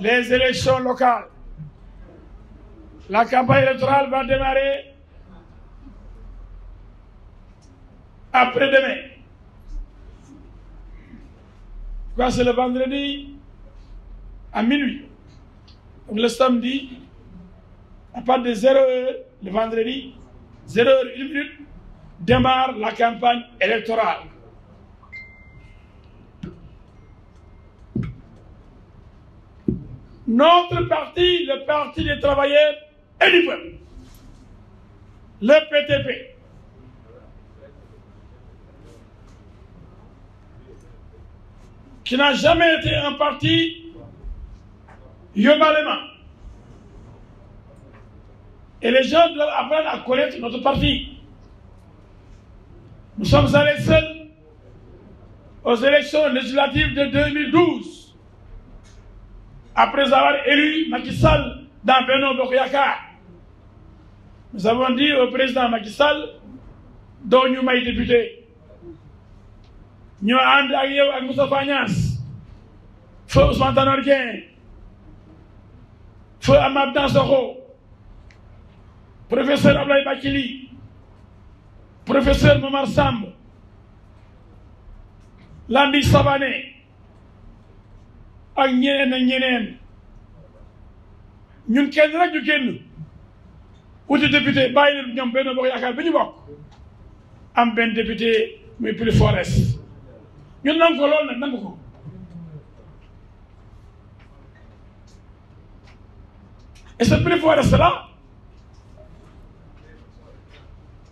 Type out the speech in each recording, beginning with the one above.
les élections locales. La campagne électorale va démarrer après-demain. Quoi, c'est le vendredi à minuit. Donc le samedi, à partir de 0 heure, le vendredi, 0 heure 1 minute, démarre la campagne électorale. Notre parti, le Parti des travailleurs et du peuple, le PTP, qui n'a jamais été un parti yobalément. Et les gens doivent apprendre à connaître notre parti. Nous sommes allés seuls aux élections législatives de après avoir élu Macky Sall dans Beno Bokyaka, nous avons dit au président Macky Sall doo ñu may député ñoo ànd ak ak Moustapha Niass feu Ousmane Tanor Dieng feu Amath Dansokho professeur Ablaye Bathily professeur Momar Samb Landing Savané ak ñeneen ak ñeneen ñun kenn rek ñu génn wuti député bàyyi leen ñoom benn bokk yaakaar bi ñu bokk am benn député muy plus forest ñun nangu ko loolu nag nangu ko et ce plus forest là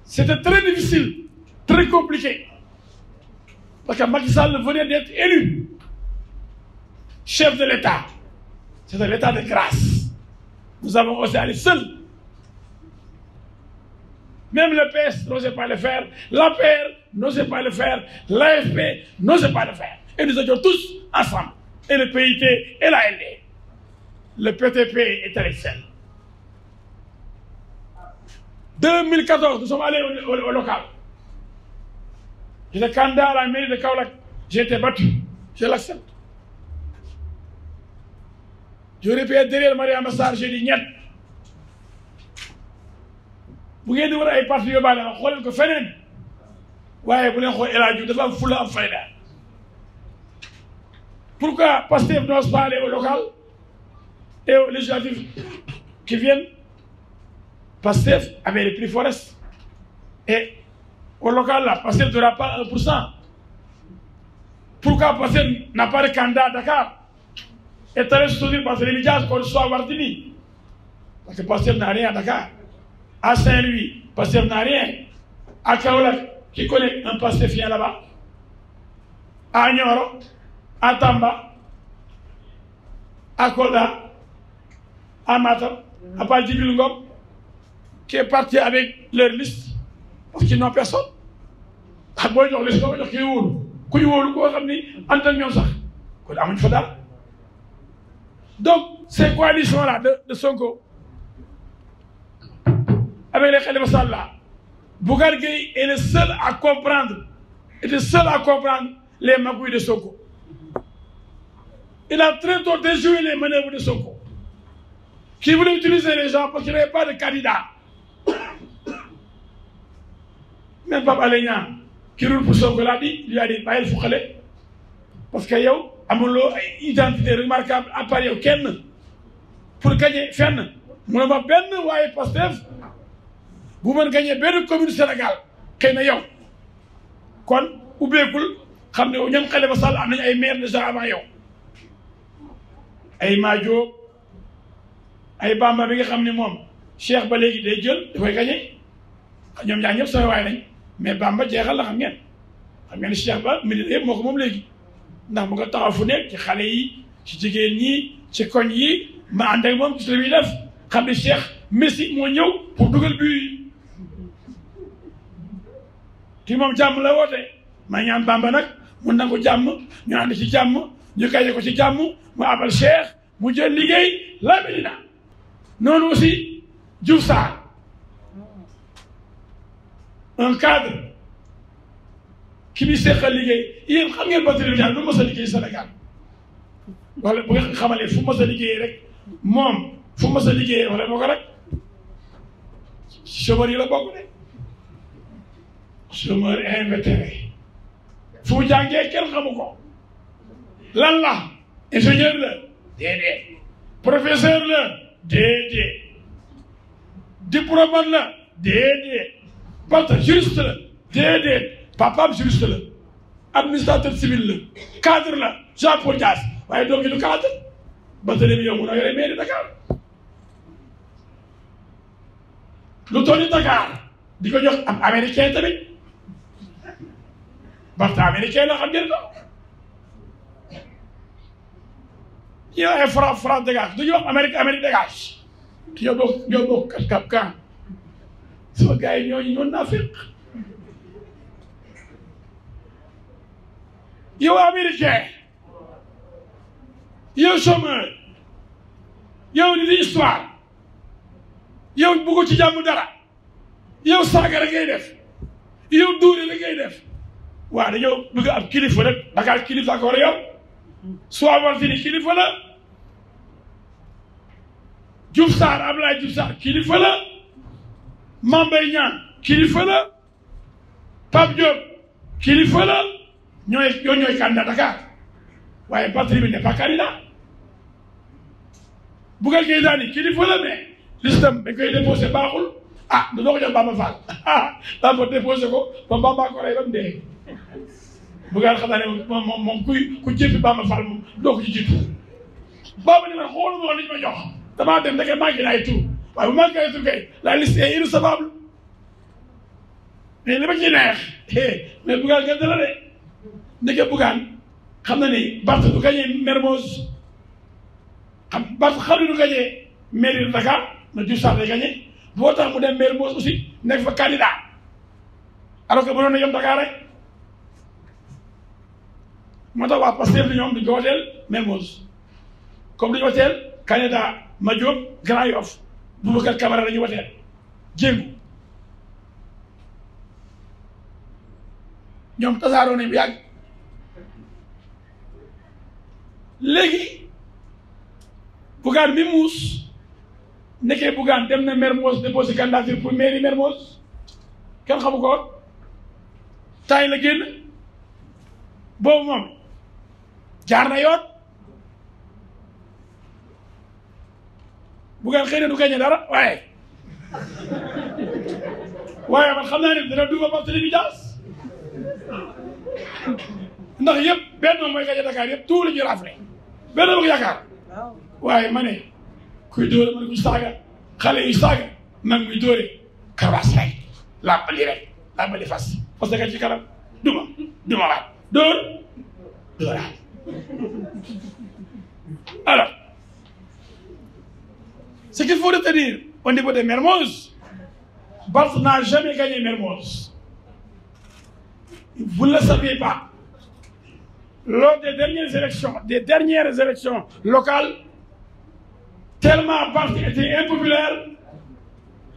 c'était très difficile très compliqué parce que Macky Sall venait d'être élu chef de l'État. de grâce. Nous avons osé aller seuls. Même le PS n'osait pas le faire, l'APR n'osait pas le faire, l'AFP n'osait pas le faire. Et nous étions tous ensemble, et le PIT et la LD. Le PTP est à l'excel. nous sommes allés au, local. J'étais candidat à la mairie de Kaolak. J'ai été battu. je répète derrière Mariama Sarr je dis ñett bu ngeen di war ay parti yóbbaale ma ko feneen waaye bu leen xool El Hadj dafa am fulla am pourquoi Pastef n'ose pas aller au local et aux qui viennent Pastef avait les prix forest et au local là Pastef n'aura pas n'a pas de candidat Dakar Esta vez soutenir par Village qu'on soit à Martini. Parce Pasteur n'a rien à Dakar. À Saint-Louis, Pasteur n'a rien. À Kaolak, qui connaît pasteur fier là-bas. À Nioro, Tamba, à Koda, à Matam, à Padjibilungom, qui est parti avec leur liste parce qu'ils personne. À Boy, leur liste, leur qui est où? Qui est où? Qui est où? Qui est où? Qui est où? Donc, ces coalitions-là de, de, Sonko, avec les Khalifa Salla, Bougargui est le seul à comprendre, est le seul à comprendre les magouilles de Sonko. Il a très tôt déjoué les manœuvres de Sonko, qui voulait utiliser les gens parce qu'il n'y avait pas de candidat. Même Papa Léna, qui roule pour Sonko, l'a dit, a dit, bah, il faut aller. Parce yo, amuloo ay identité remarquable à part yow kenn pour gagner fenn mu ne ma benn waaye Pastef bu mën gagner benn commune Sénégal xëy na yow kon ubbeekul xam ne ñoom Khalifa Sall am nañ ay maire déjà avant yow ay Maajo ay Bamba bi nga xam ne moom Cheikh ba léegi day jël dafay gagner ñoom ñaar ñëpp samay waay lañ mais ba jeexal la xam ngeen xam ngeen Cheikh ba midi yëpp moo ko moom léegi ndax mu nga taxaw fu nekk ci xale yi ci jigéen ñi ci koñ yi ma ànd ak moom gis la muy def xam ne Messi moo ñëw pour dugal bi kii moom jàmm la woote maa ñaan Bamba nag mu nangu jàmm ñu ànd ci jàmm ñu gañe ci jàmm mu abal Cheikh mu jël liggéey la Médina noonu aussi Diouf Sarr un cadre ki liggéey yéen xam ngeen Barthélémy Dias du mës a liggéey Sénégal wala bu nga xamalee fu mës a rek moom fu mës a wala moo ko rek chômeur yi la bokk de chômeur invétéré fu mu jàngee kenn xamu ko lan ingénieur la déedéet professeur la déedéet diplomate la déedéet bata juriste la déedéet papaam juriste la administrateur civil la cadre la Jean Paul Dias waaye doom cadre Barthélémy yow mun a yore mairie Dakar lu toll Dakar di jox am américain tamit Barth américain la xam ngeen ko yow France France dégage du ñu wax Amérique Amérique dégage yow bokk yow bokk kat kap kan sama gars yi ñooñu ñoo naa yow américain yow chômeur yow li di histoire yow ci jàmm dara yow saaga rek def yow duuri rek ngay def waaw dañoo bëgg am kilifa rek Dakar kilifa ko war a yor soit war fi ni kilifa la Diouf Sarr Abdoulaye Diouf Sarr kilifa la Mame Mbaye Niang kilifa la Pape Diop ñooy ñoo ñooy candidat Dakar waaye Barthélémy n'est pas candidat Bougane Gueye Dany kii di fële mais listam dañ koy déposé baaxul ah da doo ko jox Bamba Fall ah daan ko déposé ko ba Bamba ko mu dee Bougane xam naa ne moom moom kuy ku jëppi Bamba Fall moom doo ko ci jiitu Bamba ni man xooluma woon li ñu ma jox damaa dem ndeke manqué na ay tur waaye bu manqué ay tur kay la liste est irrecevable li ma ciy neex mais Bougane la de ndeke Bougane xam na ni Barth du gagné Mermoz xam Barth xalu du gagné mairie Dakar na Diouf Sarr lay boo tax mu dem Mermoz aussi nekk fa candidat alors que mënoon na yem Dakar rek moo tax waa Pastef li ñoom duñ ko woteel Mermoz comme duñu woteel candidat Madiop Grand Yoff Boubacar Camara lañu woteel jéngu ñoom tasaaroo nañu yàgg léegi Bougane bi muus nekkee Bougane dem na Mermoz déposé candidature pour mairie Mermoz kenn xamu ko temps la génn boobu moom jaar na yoon Bougane xëy na du gañe dara waaye waaye man xam naa ne dana duma Barthélémy Dias ndax yëpp benn mooy gañe Dakar yëpp tout la ñu rafle benn bokk yaakaar waaye ma ne kuy dóore ma ne kuy saaga xale yu saaga nan muy dóore karabaas rek làmbali rek làmbali fas fas da ci duma duma waat dóor dóoraat alors ce qu'il faut retenir au niveau de Mermoz Barthes n'a jamais gagné Mermoz vous ne le savez pas lors des dernières élections, des dernières élections locales, tellement parti était impopulaire,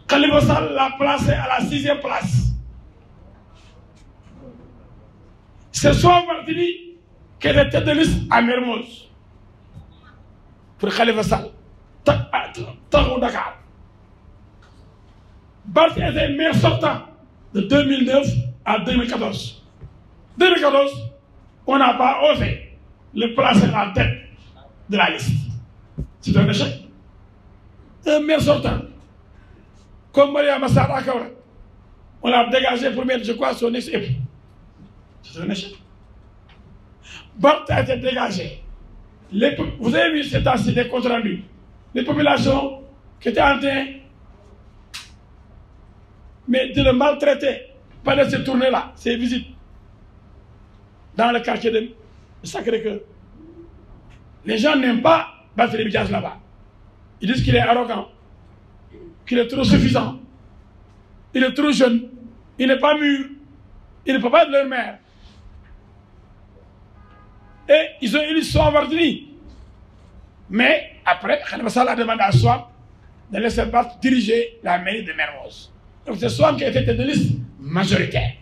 Khalifa Sall l'a placé à la sixième place. C'est soit Martini qui était tête de liste à Mermoz pour Khalifa Sall, au ah, Dakar. Barthes était maire sortant de à on n'a pas osé le placer en tête de la liste. C'est un échec. Un maire comme Maria Massar Akawra, on l'a dégagé pour je crois, son ex-époux. C'est un échec. Barthes a été dégagé. qui étaient en train mais de le maltraiter pendant ces tournées-là, ces visites. dans le quartier de Sacré-Cœur. Les gens n'aiment pas Barthélémy Diaz là-bas. Ils disent qu'il est arrogant, qu'il est trop suffisant, il est trop jeune, il n'est pas mûr, il ne peut pas être leur mère. Et ils ont élu Soham Mais après, Khalifa a demandé à Soham de laisser Barth diriger la mairie de Mermoz. Donc c'est Soham qui a de liste majoritaire.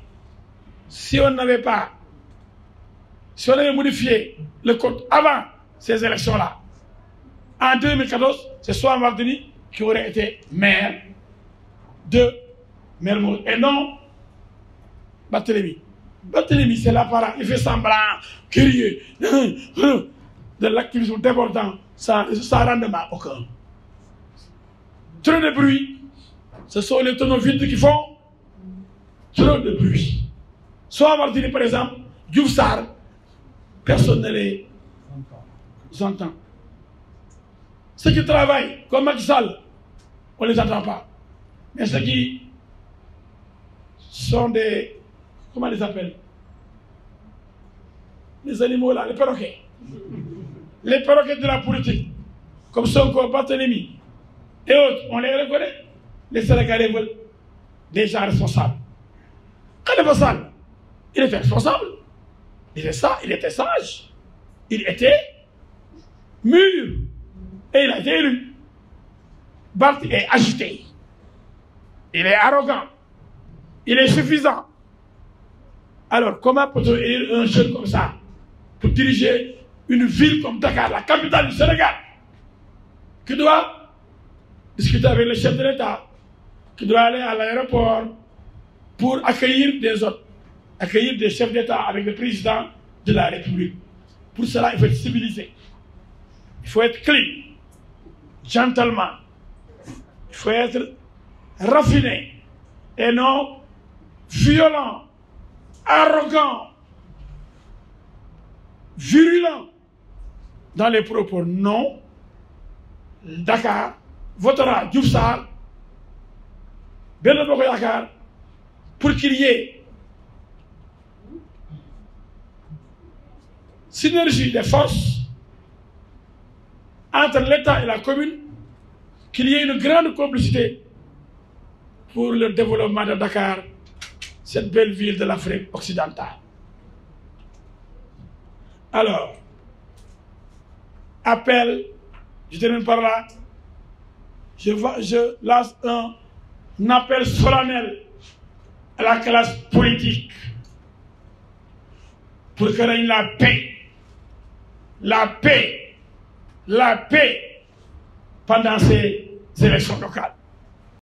Si on n'avait pas si on avait modifié le code avant ces élections-là, en 2014, c'est soit Mardini qui aurait été maire de Mermoz et non Barthélemy. Barthélemy, c'est l'appareil, il fait semblant, curieux, de l'activisme débordant, sans, sans rendement aucun. Trop de bruit, ce sont les tonneaux vides qui de bruit. Soit Mardini, par exemple, Diouf Sarr, Personne ne les entend. Ceux qui travaillent, comme Macky Sall, on ne les entend pas. Mais ceux qui sont des. Comment on les appelle Les animaux là, les perroquets. Les perroquets de la politique, comme Sonko, Barthélemy et autres, on les reconnaît. Les Sénégalais veulent des gens responsables. Khalifa Il est ça, il était sage. Il était mûr. Et il a été élu. Bart est agité. Il est arrogant. Il est suffisant. Alors, comment peut-on élire un jeune comme ça pour diriger une ville comme Dakar, la capitale du Sénégal, qui doit discuter avec le chef de l'État, qui doit aller à l'aéroport pour accueillir des autres accueillir des chefs d'État avec le président de la République. Pour cela, il faut être civilisé. gentleman. Il faut être raffiné et non violent, arrogant, virulent dans les propos. Non, Dakar votera Diouf Sarr, Benno Bokk pour qu'il y ait synergie des forces entre l'État et la commune, qu'il y ait une grande complicité pour le développement de Dakar, cette belle ville de l'Afrique occidentale. Alors, appel, je termine par là, je, solennel à la classe politique pour que règne la paix la paix, la paix pendant ces élections locales.